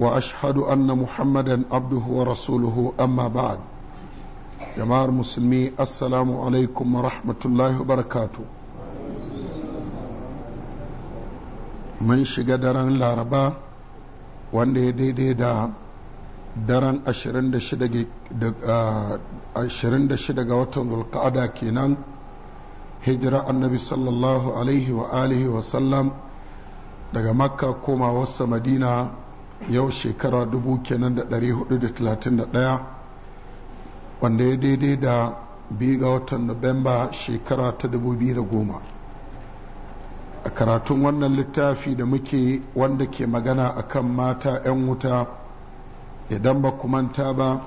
واشهد ان محمدا عبده ورسوله اما بعد jama'ar musulmi assalamu alaikum wa rahmatullahi barakatu mun shiga daren laraba wanda ya daidai da daren 26 ga watan zulka'ada kenan hijira annabi sallallahu alaihi wa alihi wa sallam daga makka komawarsa madina yau shekara dubu kenan ɗaya wanda ya daidai da biyu ga watan nuwamba shekara ta dubu biyu goma a karatun wannan littafi da muke wanda ke magana akan mata 'yan wuta idan ba kumanta manta ba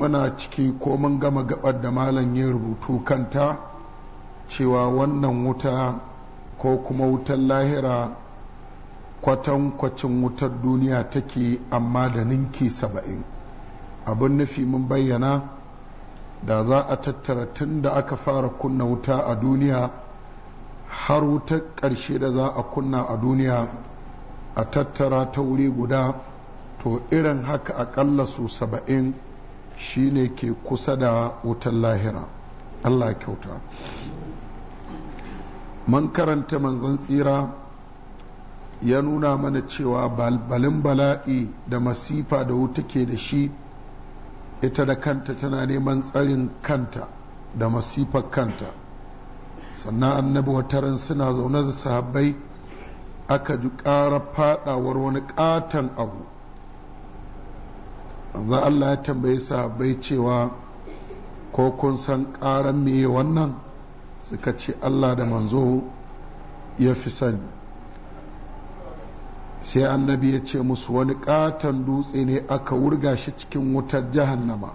muna ciki ko mun gama gabar da malam yin rubutu kanta cewa wannan wuta ko kuma wutan lahira kwatankwacin wutar duniya take amma da ninki saba'in abin nufi mun bayyana da za a tattara tun da aka fara kunna wuta a duniya har wutar ƙarshe da za a kunna a duniya a tattara ta wuri guda to irin haka aƙalla su saba'in shine ke kusa da wutar lahira allah kyauta man karanta manzon tsira ya nuna mana cewa balin bala'i da masifa da wuta ke da shi ita da kanta tana neman tsarin kanta da masifar kanta sannan annabi wataran suna zaune da sahabbai aka ji ƙara faɗawar wani ƙaton abu za Allah ya tambayi sahabbai cewa ko kun san ƙaran meye wannan suka ce Allah da manzo ya fi sani sai annabi ya ce musu wani katon dutse ne aka wurga shi cikin wutar jahannama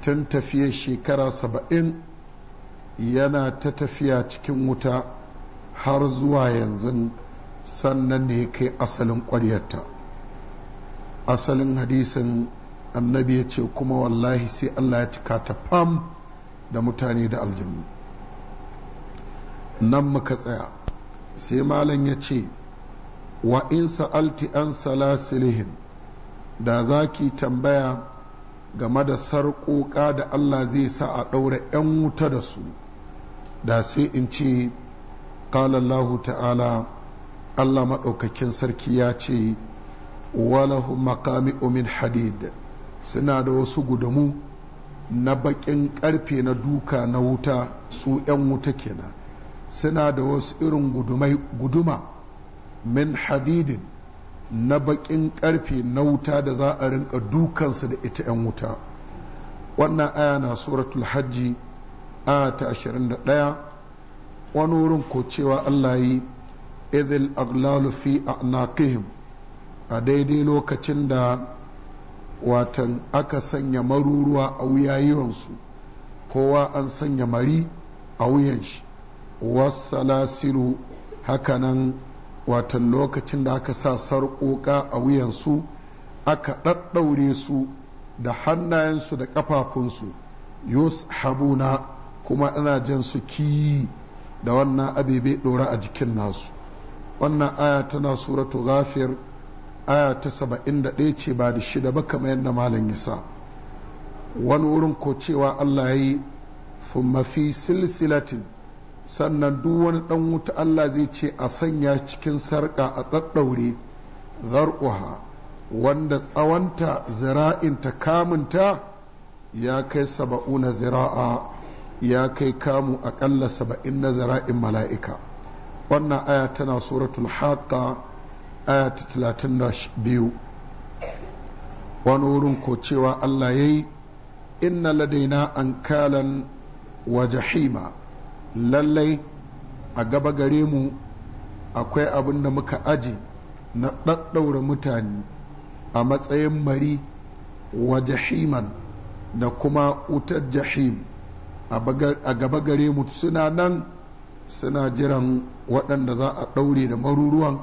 tun tafiye shekara saba'in yana ta tafiya cikin wuta har zuwa yanzu sannan ne kai asalin ƙwaryarta asalin hadisin annabi ya ce kuma wallahi sai allah ya cika ta fam da mutane da aljannu nan muka tsaya sai malam ya ce wa in sa'alti an salasilihin da za ki tambaya game da sarƙoƙa da Allah zai sa a ɗaura 'yan wuta da su da sai in ce ƙalallahu ta'ala Allah maɗaukakin sarki ya ce walahu makami umin hadid suna da wasu gudumu na baƙin ƙarfe na duka na wuta su 'yan wuta kenan suna da wasu irin guduma min hadidin na bakin karfe na wuta da za a rinka dukansu da ita 'yan wuta wannan aya na suratul hajji a ta 21 wani wurin ko cewa allah yi izil aglalu fi a'naqihim a daidai lokacin da watan aka sanya maruruwa a wuyayiwansu kowa an sanya mari a wuyan shi wasu hakanan watan lokacin da aka sa sarƙoƙa a wuyansu aka ɗaɗɗaure su da hannayensu da ƙafafunsu habuna kuma ana jan su kiyi da wannan abebe ɗora a jikin nasu wannan aya tana suratu ghafir aya ta saba'in da ɗaya ce ba da shida ba kamar yadda malam ya sa wani wurin ko cewa allah ya yi fi silsilatin sannan duk wani ɗan wuta Allah zai ce a sanya cikin sarƙa a ɗaɗɗaure zar'uha wanda tsawonta zira'inta kamunta ya kai saba'una zira'a ya kai kamu aƙalla saba'in na zira'in mala'ika wannan aya tana suratul haƙa aya ta talatin da biyu wani wurin ko cewa Allah ya yi inna ladaina an kalan wa jahima lallai a gaba gare mu akwai abin da muka aji na ɗaɗɗaura mutane a matsayin mari wa jahiman da kuma wutar jahim a gaba gare mu suna nan suna jiran waɗanda za a ɗaure da maruruwan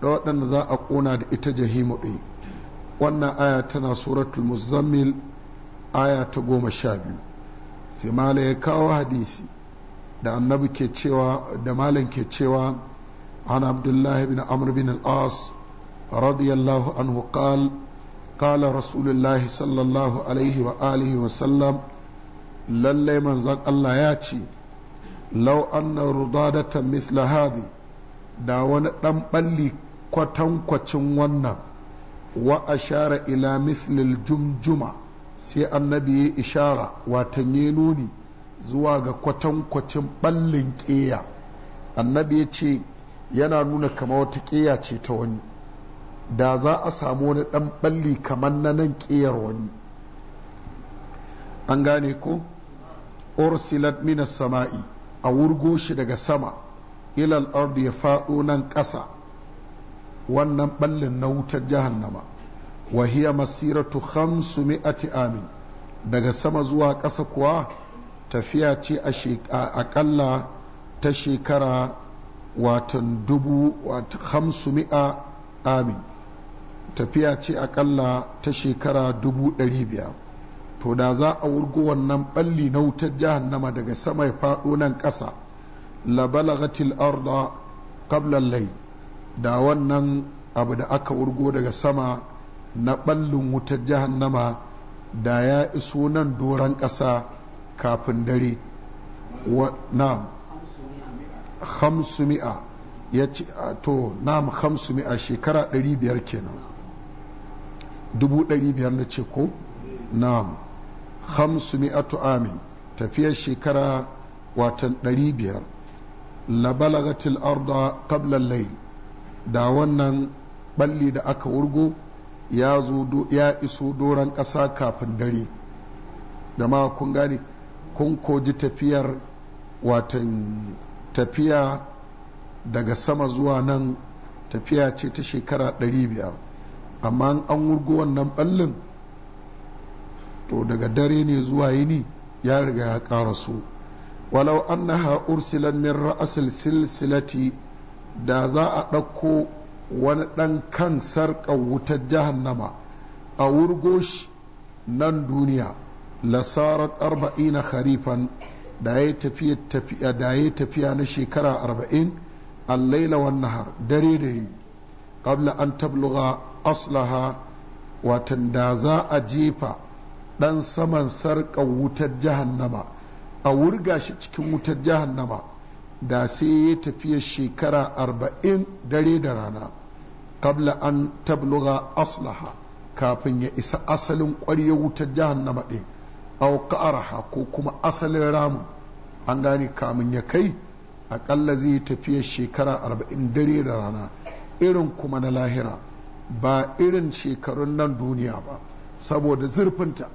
da waɗanda za a ƙona da ita jahimu ɗai wannan aya tana suratul muzammil aya ta goma sha biyu sai mala ya kawo hadisi da annabi ke cewa da malam ke cewa an abdullahi bin amr bin al-as radiyallahu anhu qal qala sallallahu alaihi wa alihi wa sallam lalle manzon Allah ya ce law anna rudadatan mithla hadi da wani dan balli kwatankwacin wannan wa ashara ila mithlil jumjuma sai annabi ya ishara watan ya nuni zuwa ga kwatankwacin ɓallin ƙeya annabi ya ce yana nuna kama wata ƙeya ce ta wani da za a samu wani ɗan ɓalli kamar na nan ƙeyar wani an gane ko ursilat minas sama'i a wurgo shi daga sama ilal ardi ya faɗo nan ƙasa wannan ɓallin na wutar jahannama wa masiratu khamsu mi'ati amin daga sama zuwa ƙasa kuwa tafiya ce a ƙalla ta shekara watan dubu watan hamsu mi'a amin tafiya ce aƙalla ta shekara dubu ɗari biyar to da za a wurgo wannan ɓalli na wutar jahannama daga sama ya faɗo nan ƙasa la balagatil arda qabla lai da wannan abu da aka wurgo daga sama na ɓallin wutar jahannama da ya iso nan doron ƙasa kafin dare na'am hamsumi'a ya ce to na'am hamsumi'a shekara 500 kenan 500 na ce ko na'am to amin tafiyar shekara watan 500 labalagatil arda qabla layl da wannan balli da aka wurgo ya iso doron ƙasa kafin dare da ma kun gane kun koji tafiyar watan tafiya daga sama zuwa nan tafiya ce ta shekara 500 amma an wurgo wannan ballin to daga dare ne zuwa yini ya riga ya ƙara su walau annaha ursilan min ra'asil silsilati da za a ɗauko wani ɗan kan sarƙar wutar jahannama a wurgo shi nan duniya lasarat arba'ina kharifan da ya tafiya tafiya da ya tafiya na shekara arba'in al-laila wan nahar dare da yi qabla an tablugha aslaha watan da za a jefa dan saman sarƙar wutar jahannama a wurga shi cikin wutar jahannama da sai ya tafiya shekara arba'in dare da rana qabla an tabluga aslaha kafin ya isa asalin ƙwarya wutar jahannama ɗin au ka'arha ko kuma asalin ramin an gane kamun ya kai aƙalla zai tafiya shekara arba'in dare da rana irin kuma na lahira ba irin shekarun nan duniya ba saboda zurfinta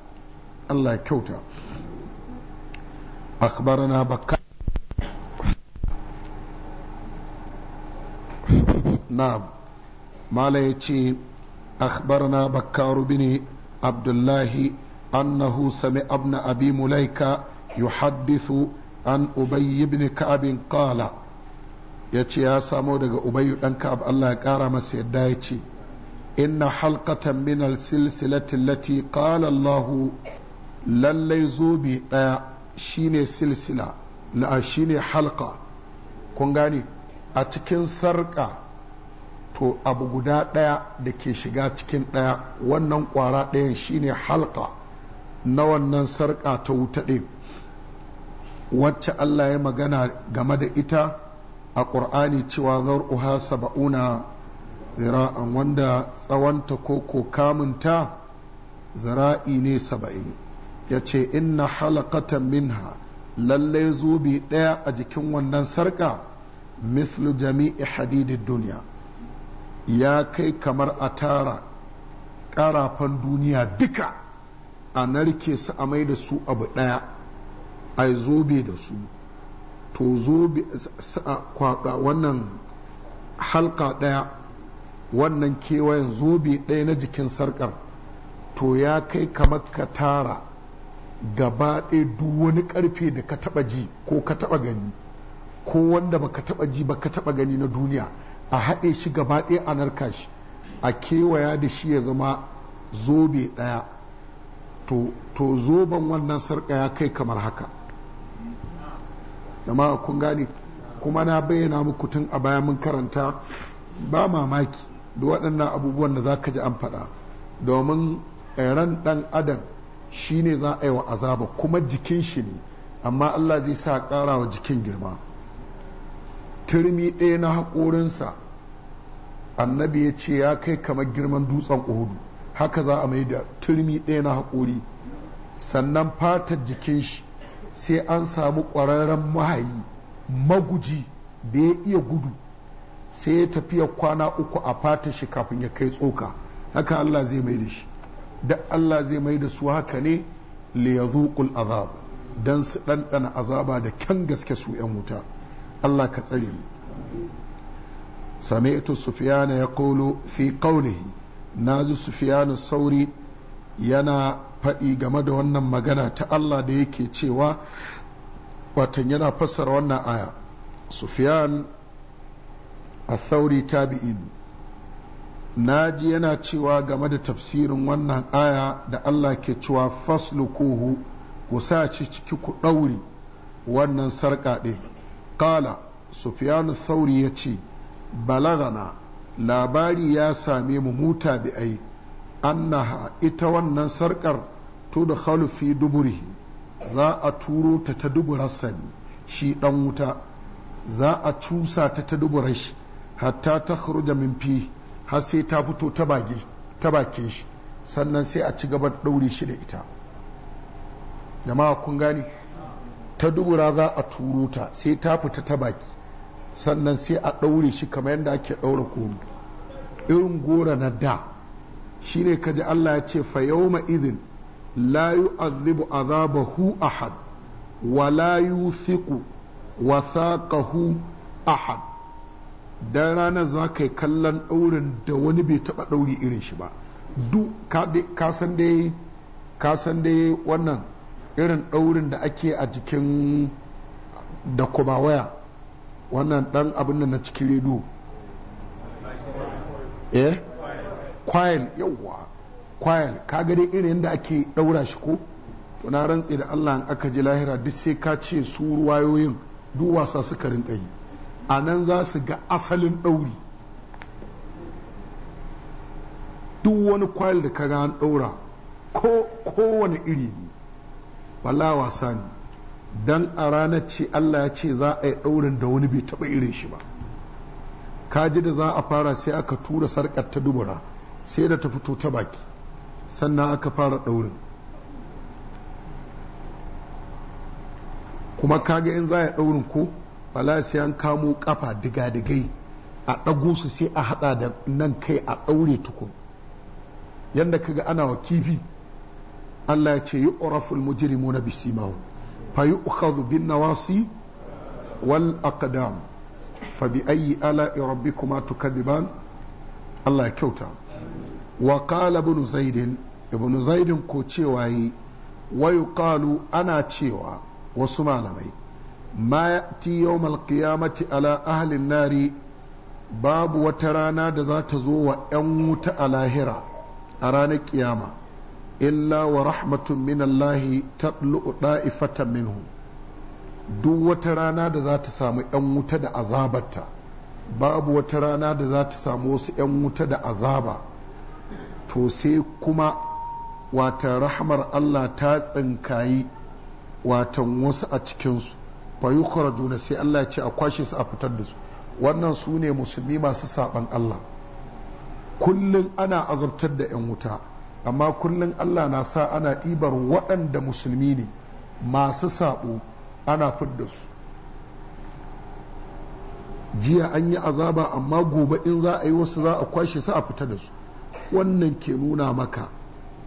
Allah kyauta أخبرنا Bakka na ما لا يتي أخبرنا بكار بن أنه سمع ابن أبي مليكة يحدث عن أبي بن كعب قال يتي يا سامو دقى أبي بن كعب الله قارا مس يدايتي إن حلقة من السلسلة التي قال الله lallai zobe ɗaya shine silsila la'a shine halka kun gane a cikin to abu guda ɗaya da ke shiga cikin ɗaya wannan ƙwara ɗayan shine halka na wannan sarƙa ta wuta wacce Allah ya magana game da ita a ƙur'ani cewa uha saba'una zira'an wanda tsawonta ko ko kamunta zira'i ne saba'in ya ce inna halakatan minha lallai zubi ɗaya a jikin wannan sarƙa mislu jami'i hadidin duniya ya kai kamar a tara ƙarafan duniya duka a narke su a mai da su abu ɗaya a yi zobe da su to zobe kwaɗa wannan halka ɗaya wannan kewayen zobe ɗaya na jikin sarƙar to ya kai kamar ka tara gaba ɗaya duk wani ƙarfe da ka taɓa ji ko ka taɓa gani ko wanda baka taɓa ji baka taɓa gani na duniya a haɗe shi gaba ɗaya a narka shi a kewaya da shi ya zama zobe ɗaya to zoben wannan sarka ya kai kamar haka amma kun gane kuma na bayyana muku tun a baya mun karanta ba mamaki da waɗannan abubuwan da za ka ji an faɗa domin ran ɗan adam shi ne za a yi wa azaba kuma jikin shi ne amma Allah zai sa ƙara wa jikin girma turmi ɗaya na haƙorinsa annabi ya ce ya kai kamar girman dutsen uhudu haka za a mai da turmi ɗaya na haƙuri sannan fatar jikin shi sai an samu ƙwararren mahayi maguji da ya iya gudu sai ya tafiya kwana uku a fatar shi kafin ya kai tsoka haka Allah zai mai da shi da Allah zai mai da su haka ne liyazuqul azab dan su ɗanɗana azaba da kyan gaske su ‘yan wuta Allah ka tsare mu sami'tu ya yaqulu fi qawlihi na ji sufiyanu sauri yana faɗi game da wannan magana ta Allah da yake cewa watan yana fassara wannan aya sufiyan a sauri tabi'in na ji yana cewa game da tafsirin wannan aya da Allah ke cewa faslukuhu ku sa ci ciki ku ɗauri wannan sarƙaɗe ƙala Sufiyanu sauri ya ce balagana labari ya same mu muta bi ai annaha ita wannan sarkar da fi duburi za a turo ta ta duburar Sani. shi dan wuta za a cusa ta ta duburar shi hatta ta kharuja min fi har sai ta fito ta bage ta bakin shi sannan sai a ci gaba da daure shi da ita jama'a kun gane ta dubura za a turo ta sai ta fita ta baki sannan sai a ɗaure shi kamar yadda ake ɗaura komi irin gora na da shi ne kaji Allah ya ce fa ma izin la azibu azabahu ahad wa la yuthiqu a ahad dan ranar za ka yi kallon ɗaurin da wani bai taɓa ɗauri irin shi ba duk ka san dai ka san dai wannan irin ɗaurin da ake a jikin da kuma waya wannan dan abin da na cikin rediyo eh kwayel yawwa kwayel ka ga irin yadda ake ɗaura shi ko to na rantse da Allah in aka ji lahira duk sai ka ce su ruwayoyin duk wasa suka rinka yi a nan za su ga asalin ɗauri duk wani kwayel da ka ga an ɗaura ko kowane iri ne wala wasa ne don a ranar ce Allah ya ce za a yi ɗaurin da wani bai taɓa irin shi ba Ka ji da za a fara sai aka tura sarƙar ta dubura sai da ta fito ta baki sannan aka fara ɗaurin kuma kaga in za a yi ɗaurin ko bala sai an kamo ƙafa diga-digai a ɗago su sai a haɗa da nan kai a ɗaure tukun yadda ka ga ana wa kifi Allah ya ce yi ƙoraful mujirimu na bisimahu فيؤخذ بالنواصي والأقدام فبأي آلاء ربكما تكذبان الله يكوتا وقال ابن زيد ابن زيد كوتشيواي ويقال أنا تشيوا وسمالمي ما يأتي يوم القيامة على أهل النار باب وترانا دذات زوى أموت على هرا أرانا قيامه illa wa rahmatun minallahi ta da'ifatan minhu duk wata rana da za ta samu 'yan wuta da azabarta babu wata rana da za ta samu wasu 'yan wuta da azaba to sai kuma wata rahmar Allah ta tsinkayi watan wasu a cikinsu juna sai Allah ce a kwashe su a fitar da su wannan su ne musulmi masu saban Allah kullum ana azabtar da 'yan wuta amma kullum Allah na sa ana ɗibar waɗanda musulmi ne masu saɓo ana fidda su jiya an yi azaba amma gobe in za a yi wasu za a kwashe su a fita da su wannan ke nuna maka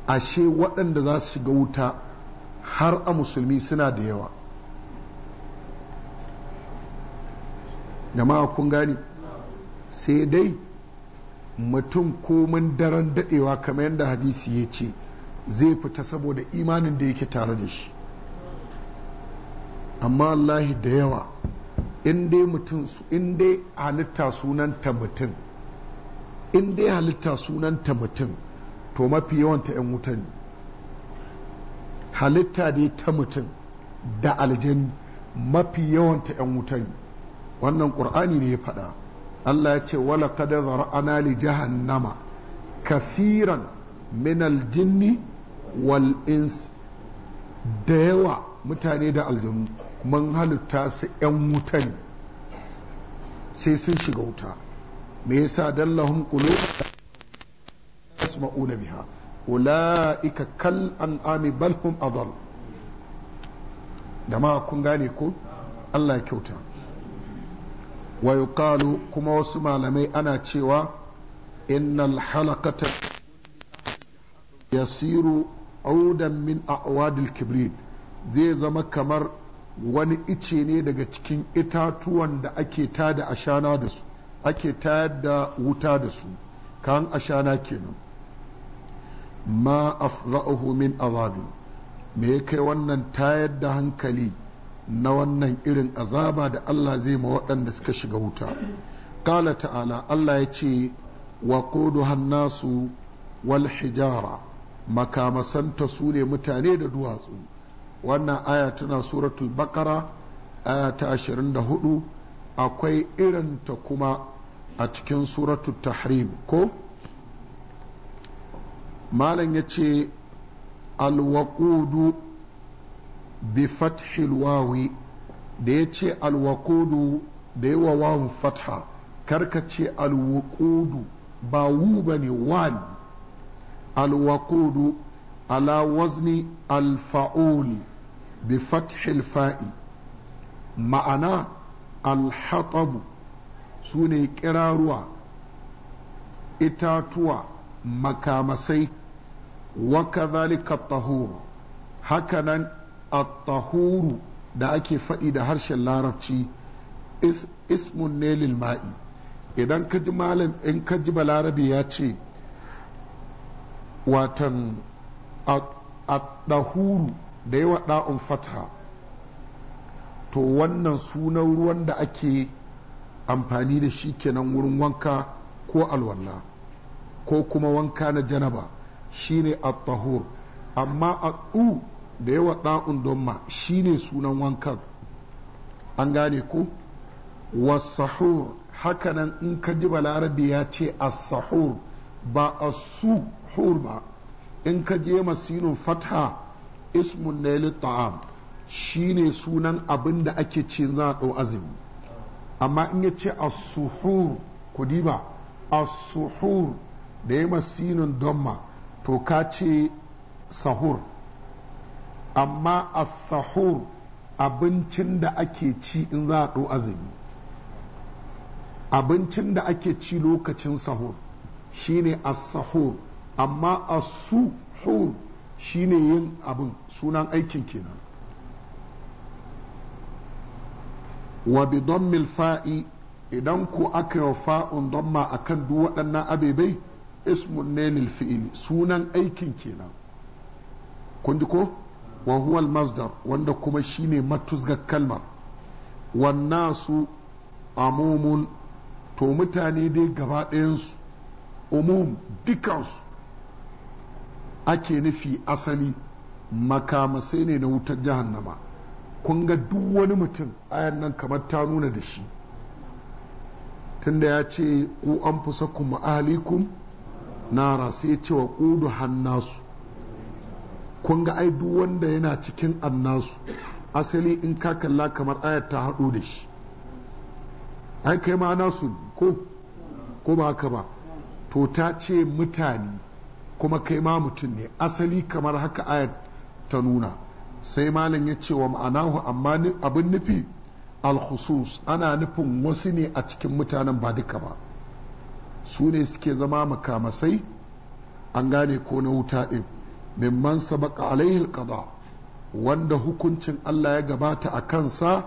ashe waɗanda za su shiga wuta har a musulmi suna da yawa jama'a kun gani sai dai mutum komin daren daɗewa kamar yadda hadisi ya ce zai fita saboda imanin da yake tare da shi amma Allahi da yawa in dai mutum in dai halitta sunanta mutum in dai halitta sunanta mutum to mafi yawanta 'yan wuta halitta dai ta mutum da aljani mafi yawanta 'yan wutan wannan ƙur'ani ne ya faɗa Allah ya ce wala kada zara'ana li jahannama kafiran min aljinni wal ins da yawa mutane da aljanu mun halitta su yan wuta sai sun shiga wuta me yasa dallahum qulub yasma'una biha ulaika kal an'ami bal hum adall da ma kun gane ko Allah ya kyauta wa yuqalu kuma wasu malamai ana cewa innal halaqata yasiru audan min a'wadil kibrit zai zama kamar wani ice ne daga cikin itatuwan da ake tada ashana da su ake tayar da wuta da su kan ashana kenan ma afra'uhu min azabi me ya kai wannan tayar da hankali na wannan irin azaba da Allah zai ma waɗanda suka shiga wuta kala ta'ala Allah ya ce wa hannasu wal hijara makamasanta su ne mutane da duwatsu wannan aya tana suratul bakara aya ta ashirin da hudu. akwai irinta kuma a cikin suratul tahrim ko malam ya ce alwaƙudu bi fathil wawi da ya ce alwakudu da yawa wawun fatha karka ce alwakudu ba wu ba ne wan alwakudu ala wazni alfa'uli bi fathil fa'i ma'ana alhatabu su ne kiraruwa itatuwa makamasai wa kazalika tahur hakanan at-tahuru da ake faɗi da harshen larabci ismun ne lil idan ka ji malam in ka ji balarabi ya ce watan at-tahuru da yawa un fatha to wannan sunan ruwan da ake amfani da shi kenan wurin wanka ko alwala ko kuma wanka na janaba shine at-tahur amma at da yawa ɗa'un shi shine sunan wankan an gane ko wasahur hakanan in ka ji balarabe ya ce as-sahur ba as-suhur ba in ka je masinin fatha ismun ne ta'am shine sunan abin da ake ce za a azumi amma in ya ce as-suhur ku diba as-suhur da ya masinin domma to ka ce sahur amma as-sahur abincin da ake ci in za a azumi abincin da ake ci lokacin sahur shine as-sahur amma as-suhur shine yin abin sunan aikin kenan wa bi dammil fa'i idan ku aka yi fa'un damma akan duk waɗannan abebai ismun ne lil fi'ili sunan aikin kenan kun ji ko wa huwa al-masdar wanda kuma shine matuzgar kalmar wan nasu amumun to mutane dai gaba ɗayansu umum su ake nufi asali makamasai ne na wutar jahannama kun ga duk wani mutum ayan nan kamar ta nuna da shi tunda ya ce ku an fusa kuma ahalikum nara sai ya ce wa ƙudu hannasu kun ga ai duk wanda yana cikin annasu asali in ka kalla kamar ayat ta hadu da shi ai kai ma nasu ko ko ba haka ba to ta ce mutane kuma kai ma mutum ne asali kamar haka ayat ta nuna sai malam ya ce wa ma'anahu amma abin nufi alkhusus ana nufin wasu ne a cikin mutanen ba duka ba su ne suke zama makamasai an gane ko na wuta ɗin mimman sabaqa alaihi alqada wanda hukuncin Allah ya gabata a kansa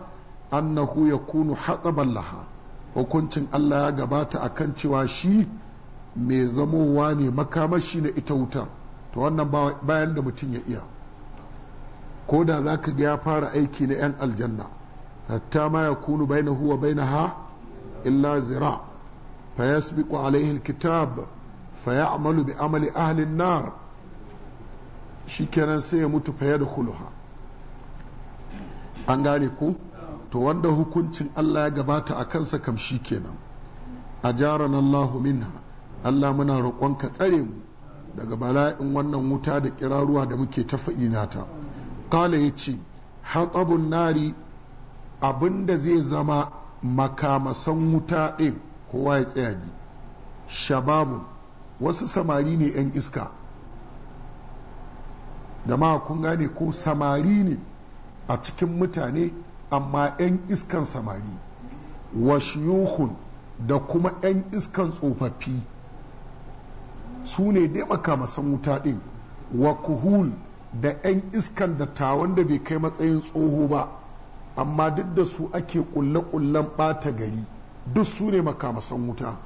annahu yakunu haqaban laha hukuncin Allah ya gabata a kan cewa shi mai zamowa ne makamashi na ita wutar to wannan bayan da mutum ya iya ko da za ka ga ya fara aiki na 'yan aljanna hatta ma ya kunu bai na huwa bai na ha illa zira fa ya alaihi kitab fa ya bi amali ahlin nar shikenan sai ya mutu fa da kuluha an gane ku to wanda hukuncin Allah ya gabata a kansa kam shikenan a jaran Allahu minha Allah muna roƙon ka tsare mu daga bala'in wannan wuta da kiraruwa da muke ta faɗi nata kala ya ce hatsabun nari abinda zai zama makamasan wuta ɗin kowa ya tsaya bi shababu wasu samari ne 'yan iska jama'a kun gane ko samari ne a cikin mutane amma 'yan iskan samari wa da kuma 'yan iskan tsofaffi su ne dai makamasan wuta ɗin wa kuhun da 'yan iskan da ta wanda bai kai matsayin tsoho ba amma duk da su ake kulle kullen ɓata gari duk su ne makamasan wuta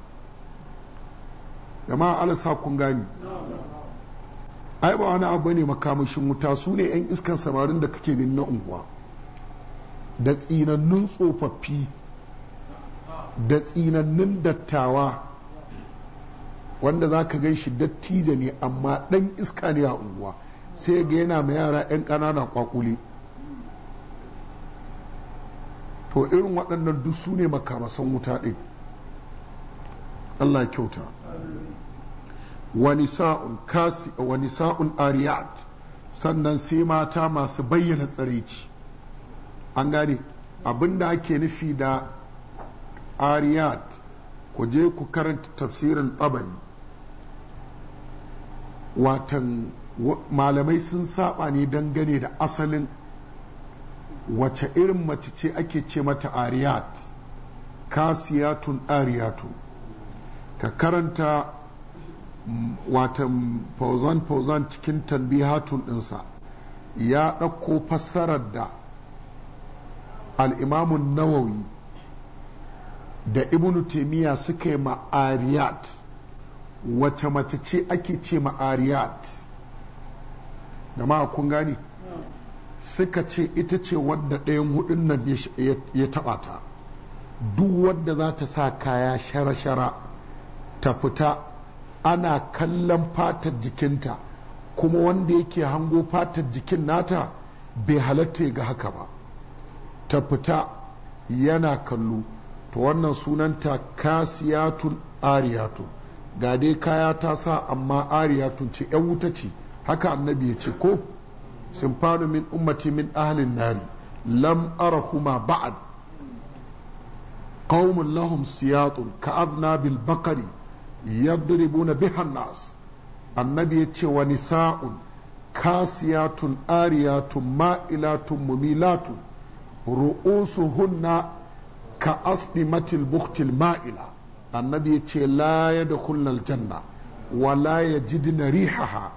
jama'a alasa kun gani ai ba wani abu ne makamashin wuta su ne 'yan iskan samarin da kake gani na unguwa da tsinannun tsofaffi da tsinannun dattawa wanda za ka gan shi dattija ne amma ɗan iska ne a unguwa sai ga yana ma yara 'yan ƙanana kwakule to irin waɗannan duk su ne makamasan wuta ɗin allah kyauta wani sa'un ariyat sannan sai mata masu bayyana tsaraici an gane abinda ake nufi da ariyat ku je ku karanta tafsirin tsabari watan malamai sun saba ne dangane da asalin wace irin mace ce ake ce mata ariyat kasiyatun ariyatu ka karanta Wata fauzan fauzan cikin tanbihatun ɗinsa ya ɗauko fassarar da al'imamun nawawi da ibnu taimiyya suka yi ma'ariyat wace mace ce ake ce ma'ariyat da ma kun gani suka ce ita ce wadda ɗayan hudun nan ya taɓa ta duk wadda za ta sa kaya shara-shara ta fita ana kallon fatar jikinta kuma wanda yake hango fatar jikin nata bai halatta ga haka ba ta fita yana kallo to wannan sunanta kasiyatun ariyatun ga dai kaya ta sa amma ariyatun ce yan wuta ce haka annabi ya ce ko sinfanu min ummati min ahlin nari lam arahuma ba'ad qaumun lahum siyatun ka'adna bil bakari yadribuna biha nas annabi ya ce wa nisa'un kasiyatun ariyatun ma'ilatun mumilatun ru'usuhunna ka asdimatil buktil ma'ila annabi ya ce la ya da janna wa la ya jidina rihaha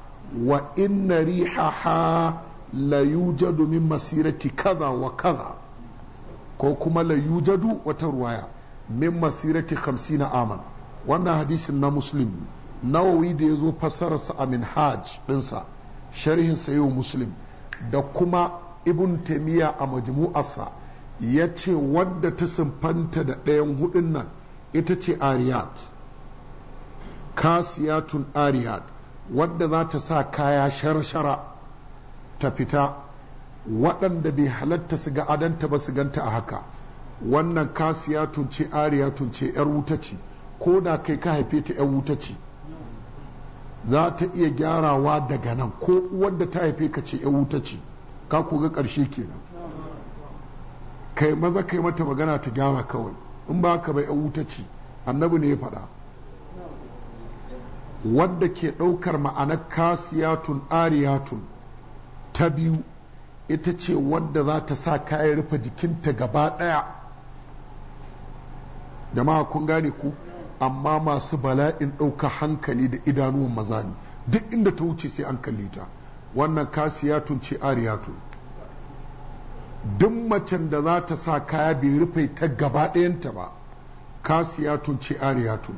wa inna rihaha la yujadu min masirati kaza wa kaza ko kuma la yujadu wata ruwaya min masirati hamsina amana wannan hadisin na muslim nawawi da ya zo fassararsa a minhaj ɗinsa sharhin sayo muslim da kuma ibn taimiyya a majmu'arsa ya ce wadda ta simfanta da ɗayan hudun nan ita ce ariyat kasiyatun ariyat wadda za ta sa kaya shara-shara ta fita waɗanda bai halatta su ga adanta ba su ganta a haka wannan kasiyatun ce ariyatun ce 'yar wuta ce ko da kai ka haife ta yan wuta ce za ta iya gyarawa daga nan ko wadda ta haife ka ce yan wuta ce ka koga ƙarshe kenan kai maza kai mata magana ta gyara kawai in ba ka bai yan wuta ce annabi ne ya faɗa wadda ke ɗaukar ma'anar kasiyatun ariyatun ta biyu ita ce wadda za ta sa kayan rufe jikinta gaba ɗaya jama'a kun gane ku amma masu bala'in ɗauka hankali da idanuwan maza ne duk inda ta wuce sai an kalli ta wannan kasiyatun ce ariyatun duk macen da za ta sa kaya bai rufe ta gaba ɗayanta ba kasiyatun ce ariyatun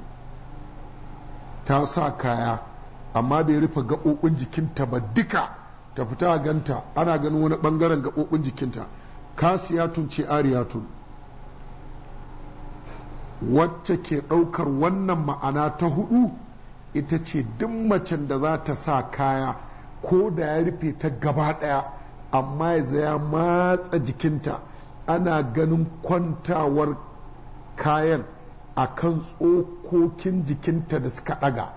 ta sa kaya amma bai rufe gaɓoɓin jikinta ba duka ta fita ganta ana ganin wani ɓangaren gaɓoɓin jikinta kasiyatun ce ariyatun wacce ke ɗaukar wannan ma'ana ta hudu ita ce duk macen da za ta sa kaya ko da ya rufe ta gaba ɗaya amma ya ya matsa jikinta ana ganin kwantawar kayan a kan tsokokin jikinta da suka ɗaga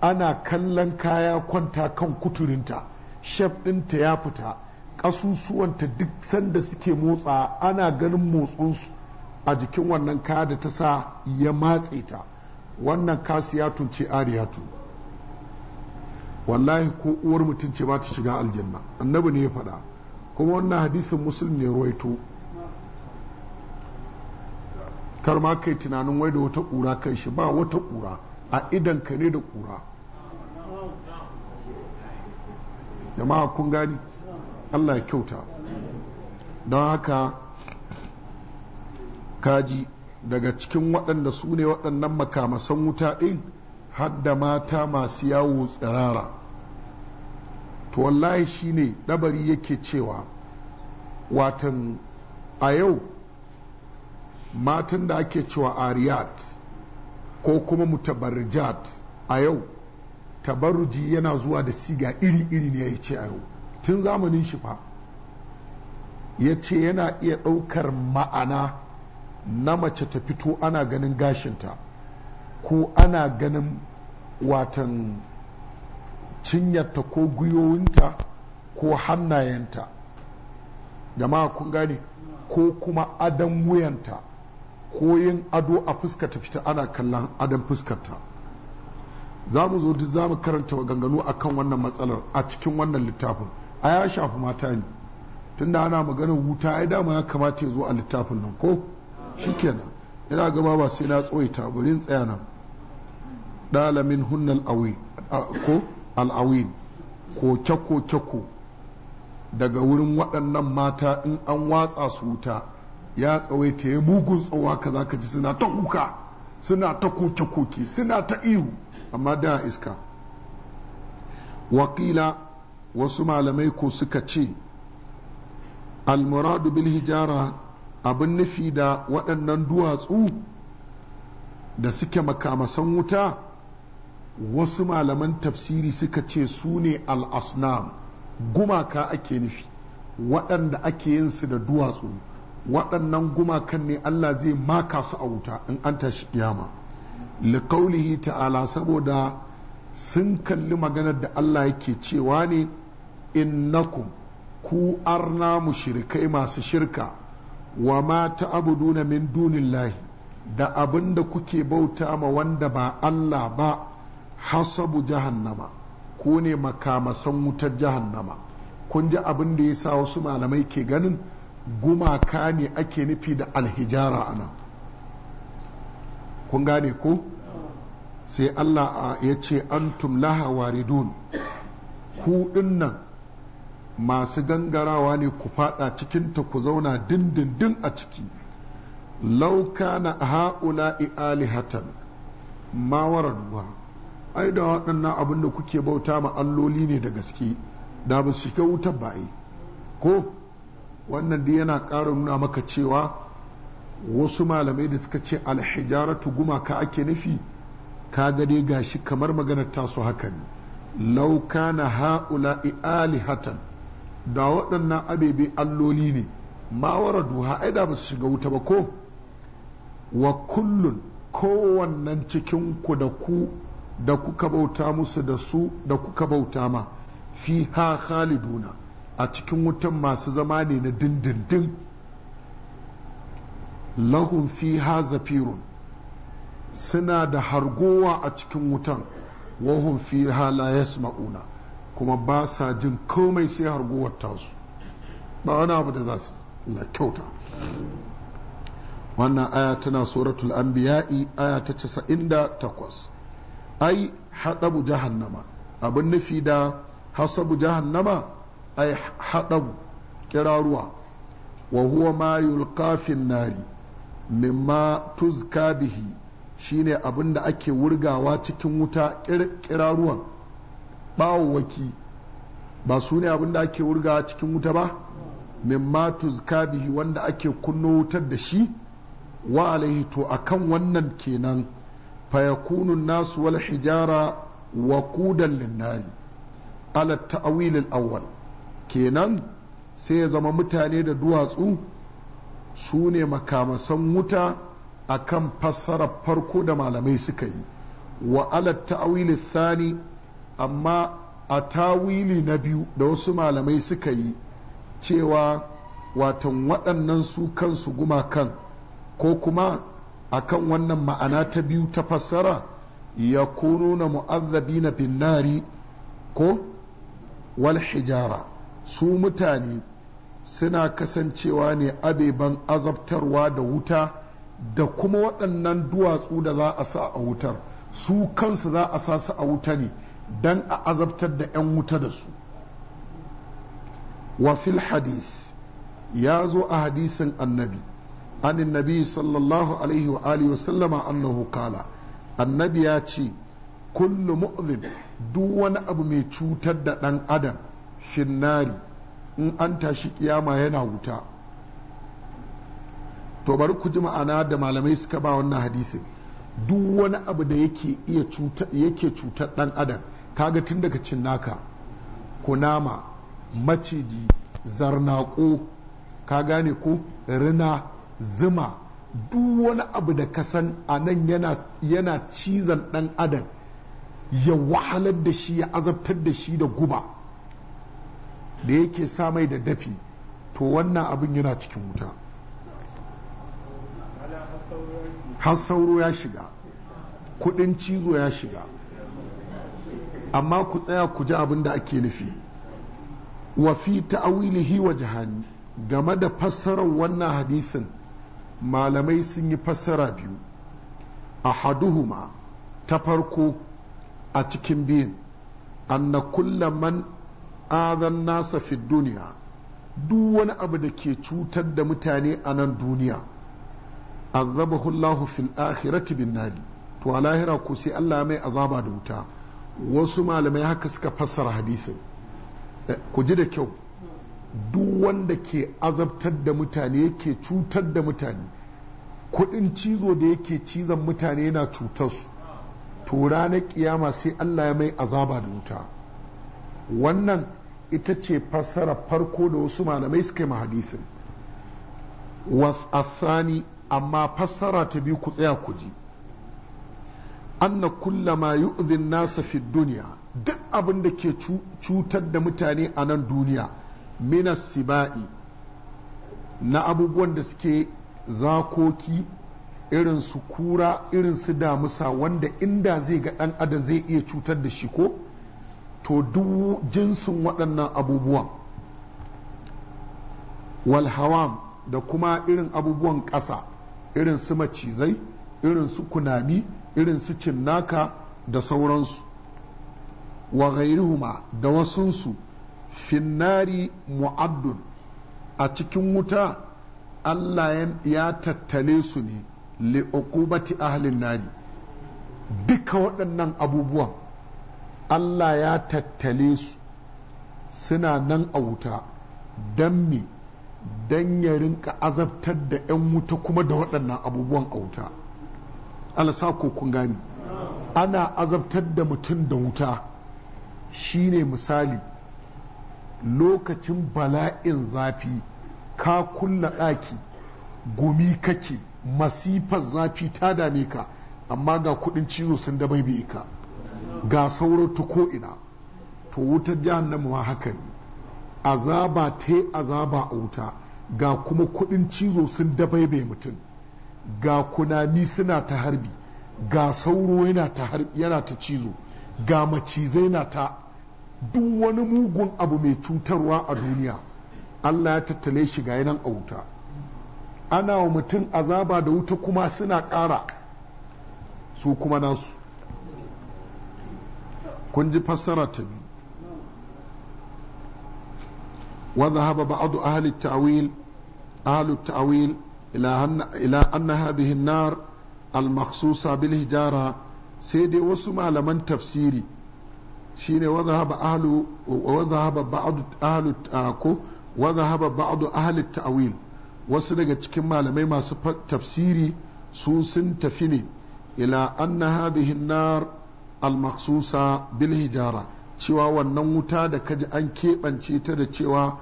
ana kallon kaya kwanta kan kuturinta shef ɗinta ya fita ƙasusuwanta duk sanda suke motsa ana ganin motsinsu a jikin wannan kaya da ta sa ya matse ta wannan kasiyatun ce ariyatu wallahi ko uwar mutum ce ba ta shiga aljanna annabi ne ya faɗa kuma wannan hadisin musulmi ne ruwaito kar ma kai tunanin wai da wata ƙura kai shi ba wata ƙura a idan ka ne da ƙura jama'a kun gani allah ya kyauta don haka kaji daga cikin waɗanda su ne waɗannan makamasan wuta ɗin hadda mata masu yawo tsirara to wallahi shine ɗabari yake cewa watan a yau matan da ake cewa ariyat ko kuma Mutabarjat a yau tabarruji yana zuwa da siga iri-iri ne ya ce a yau tun zamanin shi fa ya ce yana iya ɗaukar ma'ana na mace ta fito ana ganin gashinta ko ana ganin watan cinyarta ko gwiwowinta ko hannayenta jama'a kun gane ko kuma adan wuyanta ko yin ado a fuska ta fita ana kallon adan fuskarta za mu zo duk za mu karanta maganganu a kan wannan matsalar a cikin wannan littafin a ya shafi mata ne tunda ana maganar wuta ya dama ya kamata ya zo a littafin nan ko shikenan ina gaba ba sai na tsoita burin tsaya nan dalamin hunnal awin ko al'awin ko kyakko kyakko daga wurin waɗannan mata in an watsa su wuta ya tsawaita ya mugun tsawa ka za ka ji suna ta kuka suna ta koke koke suna ta ihu amma da iska wakila wasu malamai ko suka ce almuradu bil hijara abin nufi da waɗannan duwatsu da suke makamasan wuta wasu malaman tafsiri suka ce su ne al'asnam gumaka ake nufi waɗanda ake yin su da duwatsu waɗannan gumakan ne Allah zai maka su a wuta in an tashi kiyama liƙaulihi ta'ala saboda sun kalli maganar da Allah yake cewa ne innakum ku arna mushrikai masu shirka wa ma ta'buduna min dunillahi da abin da kuke bauta ma wanda ba Allah ba hasabu jahannama ko ne makamasan wutar jahannama kun ji abin da ya sa wasu malamai ke ganin gumaka ne ake nufi da alhijara a nan kun gane ko sai Allah ya ce antum laha waridun ku nan masu gangarawa ne ku fada cikinta ku zauna dindindin a ciki lauka na ha'ula alihatan ma ruwa. ai da waɗannan abin da kuke bauta ma alloli ne da gaske da ba su shiga wutar ba'i ko wannan dai yana ƙara nuna maka cewa wasu malamai da suka ce alhijaratu gumaka ake nufi ka gade gashi kamar maganar tasu haka ne lauka na ha'ula alihatan da waɗannan abebe alloli ne mawara duha ai da ba su shiga wuta ba ko wa kullun kowannan cikin ku da ku da kuka bauta musu da su da kuka bauta ma fi ha khaliduna a cikin wutan masu zama ne na dindindin lahum fi ha zafirun suna da hargowa a cikin wutan wahun fi ha la yasma'una kuma ba sa jin komai sai harguwar tasu ba wani abu da za su na kyauta wannan aya tana suratul anbiya'i aya ta casa'in da takwas ai haɗabu jahannama abin nufi da hasabu jahannama ai bu kiraruwa wa huwa ma yulqafin nari mimma tuzka bihi shine abin da ake wurgawa cikin wuta kiraruwan waki ba su ne abin da ake wurga cikin wuta ba min matuz kabihi wanda ake kunno wutar da shi wa alaihi to akan wannan kenan fayakunun nasu wal hijara wa kudan linnari ala al awwal kenan sai ya zama mutane da duwatsu su ne makamasan wuta akan fassarar farko da malamai suka yi wa ala ta'awilil thani amma a tawili na biyu da wasu malamai suka yi cewa watan waɗannan su kansu gumakan ko kuma a kan wannan ma'ana ta biyu ta fassara ya na mu'azzabi na finnari ko wal hijara su mutane suna kasancewa ne abeban azabtarwa da wuta da kuma waɗannan duwatsu da za a sa a wutar su kansu za a sa su a wuta ne dan a azabtar da 'yan wuta da su wa fil hadis ya zo a hadisin annabi anin nabi sallallahu alaihi wa alihi wa sallama annahu kala annabi ya ce kullu mu'zib duk wani abu mai cutar da ɗan adam nari in an tashi kiyama yana wuta to bari ku ji ma'ana da malamai suka ba wannan hadisin duk wani abu da yake iya cutar yake cutar dan adam kaga tun daga cinnaka kunama maciji zarnako ka gane ko rina zuma duk wani abu da kasan a nan yana cizon dan adam ya wahalar da shi ya azabtar da shi da guba da yake sa mai da dafi to wannan abin yana cikin wuta har sauro ya shiga kudin cizo ya shiga amma ku tsaya ku ji abin da ake nufi wa fi ta'awilihi wa jahani game da fassarar wannan hadisin malamai sun yi fassara biyu A haduhuma ta farko a cikin biyun anna kulla man azan nasa fi duniya duk wani abu da ke cutar da mutane a nan duniya azabahu Allahu fil akhirati bin nadi to a lahira ko sai Allah mai azaba da wuta wasu malamai haka suka fassara hadisin ku ji da kyau duk wanda ke azabtar da mutane yake cutar da mutane kudin cizo da yake cizon mutane yana cutar su to ranar kiyama sai Allah ya mai azaba da wuta wannan ita ce fassara farko da wasu malamai suka yi hadisin wasu amma fassara ta biyu ku tsaya ku ji anna kulla ma yu'dhi nasa fi duniya duk abin da ke cutar da mutane a nan duniya minas siba'i na abubuwan da suke zakoki irin su kura irin su damusa wanda inda zai ga dan adam zai iya cutar da shi ko to duk jinsin waɗannan abubuwan wal hawam da kuma irin abubuwan ƙasa irin su macizai irin su kunami irin su cinnaka da sauransu wa ghairuhuma da wasunsu finnari mu'addun a cikin wuta Allah ya tattale su ne li'uqubati ahlin nari duka waɗannan abubuwan Allah ya tattale su suna nan a wuta don me don ya rinka azabtar da 'yan wuta kuma da waɗannan abubuwan a wuta Allah ko kun gani ana azabtar da mutum da wuta shine misali lokacin bala'in zafi ka kulla ɗaki gumi kake masifar zafi ta dame ka amma ga kudin cizo sun da bai ka ga sauran ta ko'ina to wutar jahannama ma haka ne azaba ta azaba a wuta ga kuma kudin cizo sun da bai mutum ga kunani suna ta harbi ga sauro yana ta cizo ga macizai na ta duk wani mugun abu mai cutarwa a duniya Allah ya tattale shi ga yanan a wuta ana wa mutum azaba da wuta kuma suna ƙara su kuma nasu kun ji fassara ta biyu وذهب بعض أهل tawil أهل ila anna hadhihi nar al-makhsusa bil hijara sai dai wasu malaman tafsiri shine wa zahaba ahlu wa zahaba ba'd ahlu ko wa zahaba ba'd ahli ta'wil wasu daga cikin malamai masu tafsiri su sun tafi ne ila anna hadhihi nar al-makhsusa bil hijara cewa wannan wuta da kaji an keɓance ta da cewa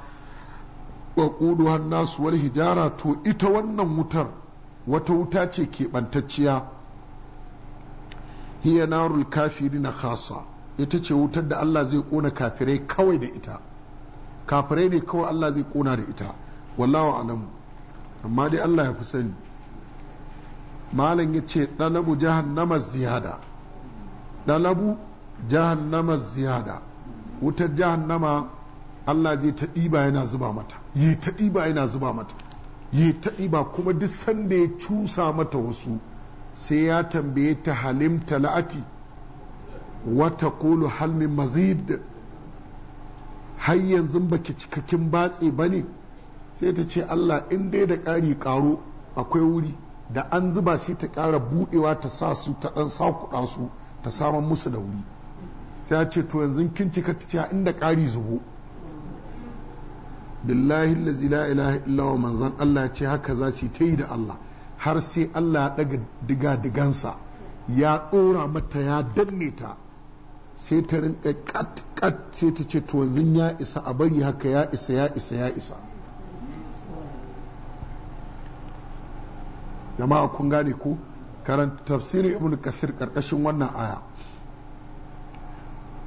waƙuduwa nasu wal hijara to ita wannan wutar wata wuta ce keɓantacciya hiya narul kafiri na khasa ita ce wutar da Allah zai ƙona kafirai kawai da ita kafirai ne kawai Allah zai ƙona da ita wallawa alamu amma dai Allah ya fi sani malam ya ce ɗalabu jahannama ziyada ɗalabu jahannama ziyada wutar jahannama Allah zai ta ɗiba yana zuba mata Yi ta ɗiba yana zuba mata yi ta ɗiba kuma duk sanda ya cusa mata wasu sai ya tambaye ta halim tala'ati wata kolo halmi mazid har yanzu baki cikakken batse ba ne sai ta ce allah in dai da ƙari ƙaro akwai wuri da an zuba sai ta ƙara buɗewa ta sa su ta ɗan sakuɗa su ta saman musu da wuri sai ya ce to yanzu kin cika ta ce inda ƙari zubo billahi allazi la ilaha illa wa manzon Allah ce haka za su ta yi da Allah har sai Allah ya daga diga digansa ya ɗora mata ya danne ta sai ta rinka kat kat sai ta ce to yanzu ya isa a bari haka ya isa ya isa ya isa jama'a kun gane ko karanta tafsirin ibn kasir karkashin wannan aya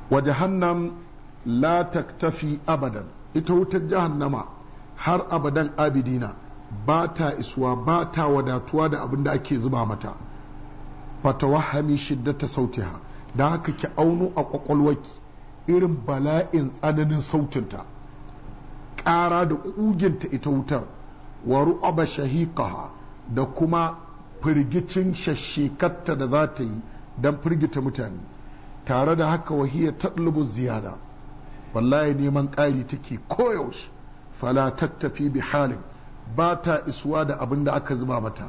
wa jahannam la taktafi abadan ita wutar jahannama har abadan abidina ba ta isuwa ba ta wadatuwa da abin da ake zuba mata fatawahami shiddata sautiha da haka ki auno a kwakwalwaki irin bala'in tsananin sautinta ƙara da ƙuginta ita wutar wa ru'aba shahiqaha da kuma firgicin shashikatta da za ta yi don firgita mutane tare da haka wahiya tatlubu ziyada wallahi neman ƙari take koyaushe fala tattafi bi halin ba ta isuwa da abin da aka zuba mata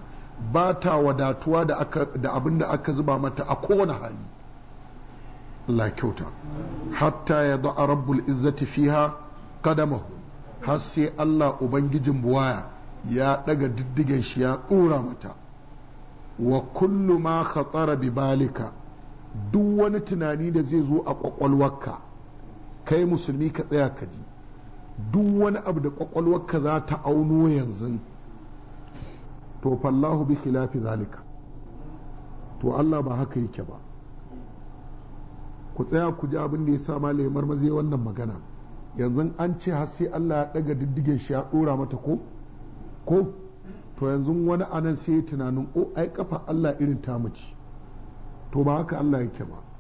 ba ta wadatuwa da abin da aka zuba mata a kowane hali la kyauta hatta ya a rabbul izzati fiha kadama har sai Allah ubangijin buwaya ya ɗaga diddigen shi ya dora mata wa kullu ma khatara bi balika duk wani tunani da zai zo a kwakwalwarka kai musulmi ka tsaya ka ji duk wani abu da kwakwalwarka za ta auno yanzu to fallahu bi khilafi zalika to Allah ba haka yake ba ku tsaya ku ji abin da ya sa malai maze wannan magana yanzu an ce har sai Allah ya daga diddige shi ya dora mata ko ko to yanzu wani anan sai tunanin o oh, ai kafa Allah irin ta mace to ba haka Allah yake ba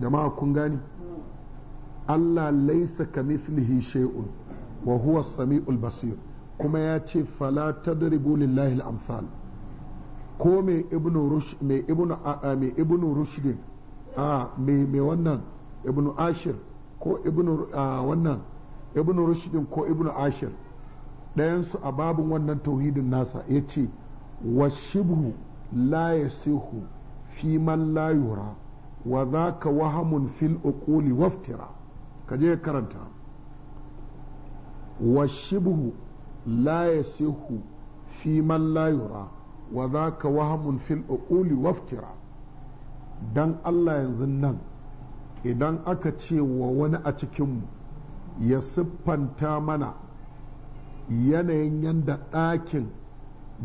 jama'a kun gani Allah laisa ka mithlihi shay'un wa huwa samiul basir kuma ya ce fala tadribu lillahi al-amsal ko mai ibnu rush mai ibnu mai ibnu rushd a mai mai wannan ibnu ashir ko ibnu wannan ibnu rushd ko ibnu ashir dayan su a babun wannan tauhidin nasa yace washibhu la yasihu fi man la yura wa za ka wahamun fil uquli waftira ka je karanta wa shibhu la yasihu fi man la yura wa ka wahamun fil uquli waftira dan Allah yanzu nan idan aka ce wa wani a cikinmu ya siffanta mana yanayin yanda ɗakin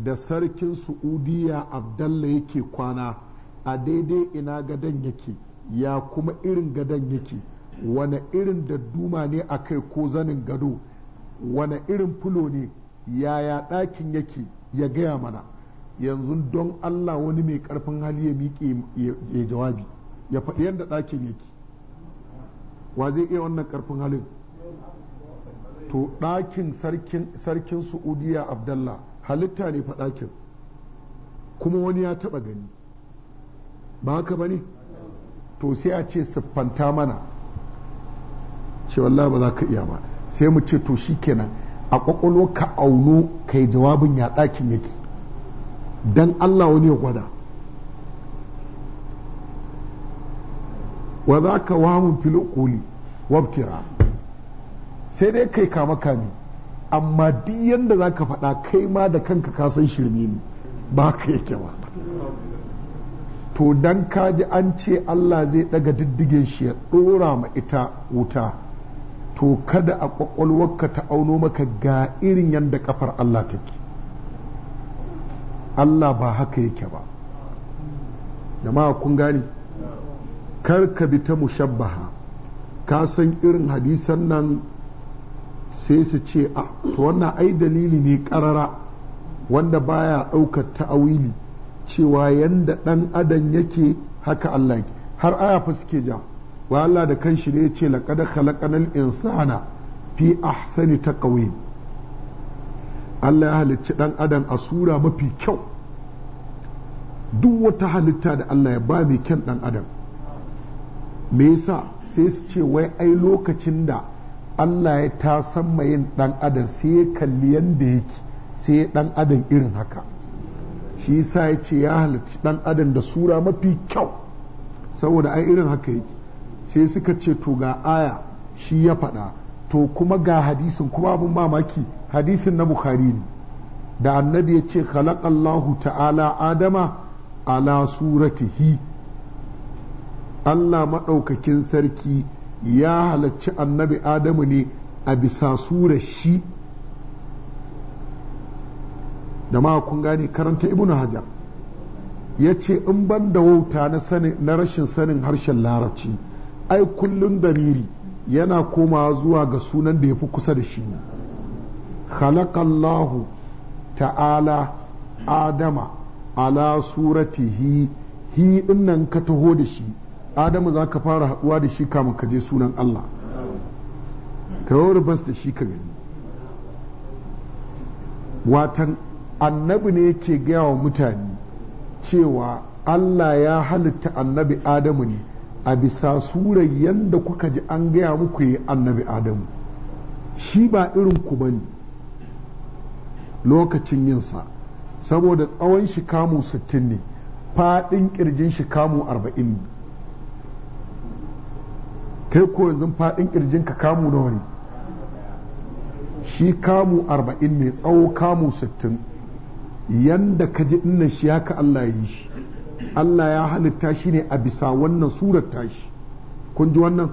da sarkin su'udiya abdalla yake kwana a daidai ina gadon yake ya kuma irin gadon yake wane irin da duma ne a kai ko zanin gado wane irin fulo ne yaya ɗakin yake ya gaya mana yanzu don Allah wani mai ƙarfin hali ya miƙe ya jawabi ya faɗi yadda ɗakin yake wa zai iya wannan ƙarfin halin to ɗakin sarkin su'udiya abdallah halitta ne fa ɗakin kuma wani ya taɓa gani ba haka ba ne to sai a ce siffanta mana ce wallah ba za ka iya ba sai mu ce to shi kenan a kwakwalo ka auno ka yi jawabin ya ɗakin yake don allah wani ya gwada wa za ka wamun filo koli wabtira sai dai kai kama kami amma duk yadda za ka faɗa kai ma da kanka kasan shirme ne ba ka yake ba to dan kaji an ce Allah zai daga diddigin shi ya dora ma ita wuta to kada a kwakwalwarka ta auno maka ga irin yadda kafar Allah take Allah ba haka yake ba jama'a kun gani kar ka bi ta mushabbaha ka san irin hadisan nan sai su ce a ah, to wannan ai dalili ne karara wanda baya ɗaukar ta'awili cewa yanda ɗan adam yake haka Allah yake har aya fa suke ja wa Allah da kanshi ne ya ce laqad khalaqanal insana fi ahsani taqwim Allah ya halicci ɗan adam a sura mafi kyau duk wata halitta da Allah ya ba mai kyan ɗan adam me yasa sai su ce wai ai lokacin da Allah ya ta san mayin ɗan adam sai ya kalli yanda yake sai ɗan adam irin haka shi yasa ya ce ya halarci dan adam da sura mafi kyau saboda ai irin haka yake sai suka ce to ga aya shi ya faɗa to kuma ga hadisin kuma abin mamaki hadisin na bukhari ne da annabi ya ce khalaqallahu ta'ala adama ala surati suratihi Allah maɗaukakin sarki ya halarci annabi adamu ne a bisa surar shi da ma kun gane karanta ibnu hajar ya ce in ban da wauta na rashin sanin harshen larabci ai kullum damiri yana komawa zuwa ga sunan da ya fi kusa da shi khalaqallahu ta'ala adama ala surati hi hi nan ka taho da shi adamu za ka fara haɗuwa da shi kamun ka je sunan Allah ka yi da shi ka gani watan annabi ne yake gaya wa mutane cewa Allah ya halitta annabi Adamu ne a bisa surar yadda kuka ji an gaya muku yi annabi Adamu shi ba irin ku ne. lokacin yinsa saboda tsawon shi kamu sittin ne faɗin ƙirjin shi kamu arba'in ne kai ko yanzu faɗin ƙirjin ka kamu nawa ne shi kamu arba'in ne tsawo kamu sittin yanda ka ji dinnan shi haka Allah ya yi shi Allah ya halitta shi ne a bisa wannan surar tashi kun ji wannan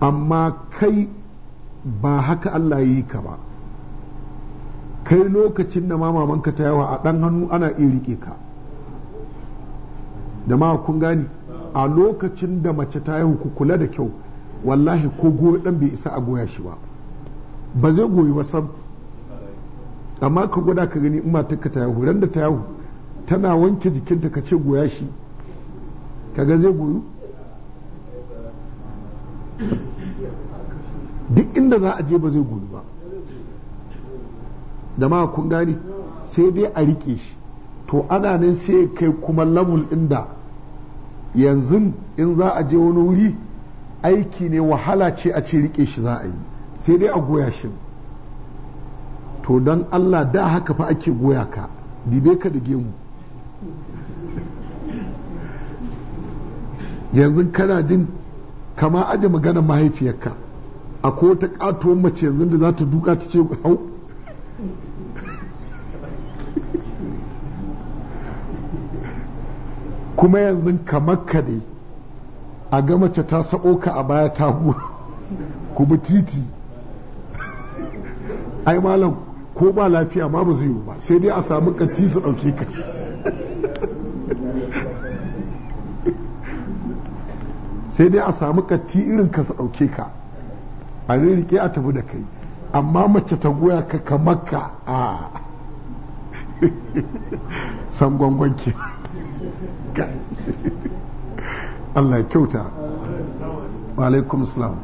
amma kai ba haka Allah ya yi ka ba kai lokacin da mamamanka ta yawa a ɗan hannu ana iya riƙe ka da ma kun gani a lokacin da mace ta yi ku kula da kyau wallahi ko goyi ɗan bai isa a goya shi ba ba zai goyi ba sam amma ka gwada ka gani in matarka ta yahu ran da ta yahu tana wanke jikinta ka ce goya shi kaga zai goyu duk inda za a je ba zai goyu ba da ma kun gani sai dai a rike shi to ana nan sai kai kuma lamul inda yanzu in za a je wani wuri aiki ne wahala ce a ce rike shi za a yi sai dai a goya shi to don Allah da haka fa ake goya ka dibe ka da gemu yanzu kana jin kama aje magana mahaifiyarka a ko ta katuwar mace yanzu da za ta duka ta ce hau kuma yanzu kamar ka ne a ga mace ta sabo ka a baya ta kuma titi ai malam ko ba lafiya ba ba zai yi ba sai dai a samu kanti su ɗauke ka sai dai a samu kanti irin ka su ɗauke ka a riƙe a tafi da kai amma mace ta goya ka kamar ka a san gwangon ke Allah kyauta wa alaikum salam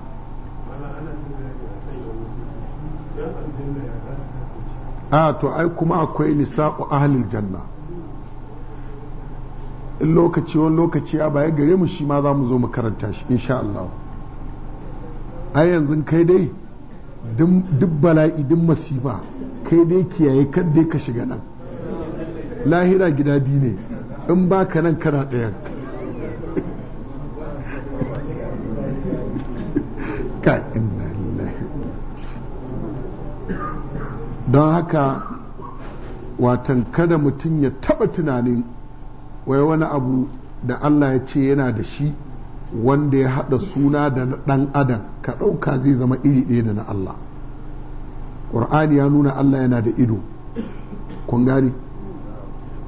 a to ai kuma akwai nisa'u ahlil janna in lokaci wani lokaci a baya gare mu shi ma za mu zo mu karanta shi insha Allah ai yanzu kai dai duk bala'i duk masifa kai dai kiyaye kan dai ka shiga nan lahira gida biyu ne in baka nan kana ɗayan kai don haka watan kada mutum ya taba tunanin wai wani abu da Allah ya ce yana da shi wanda ya haɗa suna da ɗan adam ka ɗauka zai zama iri ɗaya da na Allah ƙur'ani ya nuna Allah yana da ido kun gani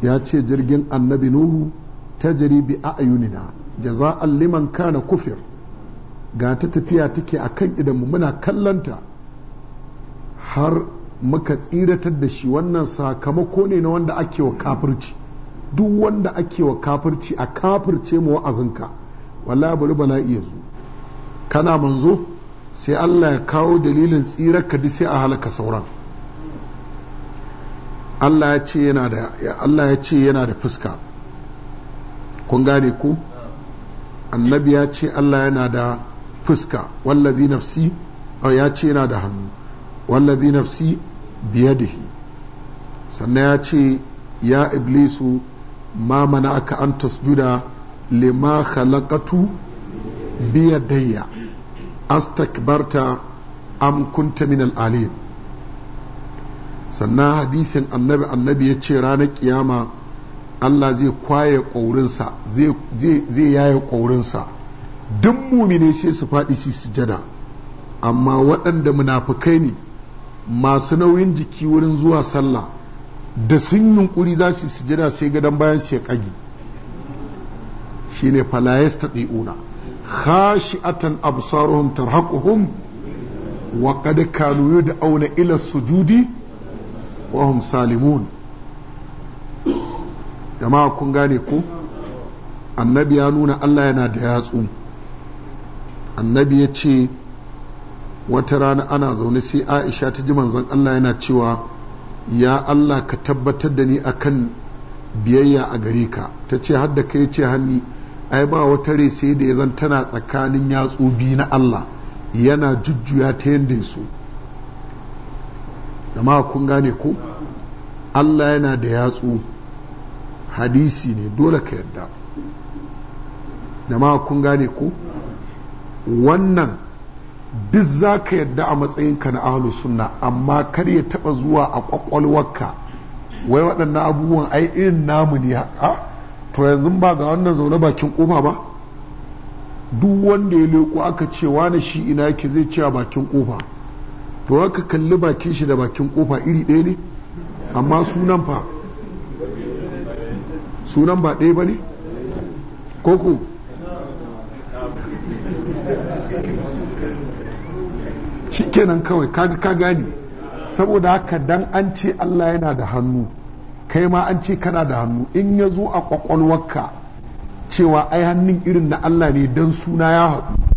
ya ce jirgin annabi nuhu ta bi a ayunina jaza'an liman kana kufir ga ta tafiya take akan idanmu muna kallanta har muka tsiratar da shi wannan sakamako ne na wanda ake wa kafirci duk wanda ake wa kafirci a kafirce mu wa'azinka wallahi bari bala iya zo kana manzo sai Allah ya kawo dalilin tsirarka duk sai a halaka sauran Allah ya ce yana da Allah ya ce yana da fuska kun gane ku? annabi ya ce Allah yana da fuska wallazi nafsi ya ce yana da hannu wallazi nafsi biyadihi sannan ya ce ya iblisu ma mana aka an tasjuda lima khalaqatu biyadayya astakbarta am kunta min al sannan hadisin annabi annabi ya ce ranar kiyama Allah zai kwaye ƙaurinsa zai yaye ƙaurinsa duk mumine sai su faɗi su sujada amma waɗanda munafukai ne masu nauyin jiki wurin zuwa sallah da sun yunkuri za su sujada sai gadon bayan su ya kagi shine falayas ta ɗi'una khashi'atan absaruhum tarhaquhum wa qad kanu yud'auna ila sujudi wa hum salimun jama'a kun gane ku? annabi ya nuna Allah yana da yatsu annabi ya ce wata rana ana zaune sai aisha ta ji manzon Allah yana cewa ya Allah ka tabbatar da ni akan biyayya a gare ka ta ce har da kai ce hanni ai ba wata rai sai da ya zan tana tsakanin yatsu biyu na Allah yana jujjuya ta yadda so ma kun gane ko Allah yana da yatsu hadisi ne dole ka yarda ma kun gane ko wannan duk za ka yadda a matsayinka na ahalu sunna amma kar ya taba zuwa a kwakwalwarka wai waɗannan abubuwan ai irin namu ne a to yanzu ba ga wannan zaune bakin kofa ba duk wanda ya leku aka ce wani shi ina yake zai ce a bakin kofa to haka kalli bakin shi da bakin kofa iri ɗaya ne amma sunan fa sunan ba ɗaya ba ne koko shi kenan kawai ka gane saboda haka dan an ce Allah yana da hannu kai ma an ce kana da hannu in ya zo a kwakwalwarka cewa ai hannun irin na Allah ne dan suna ya haɗu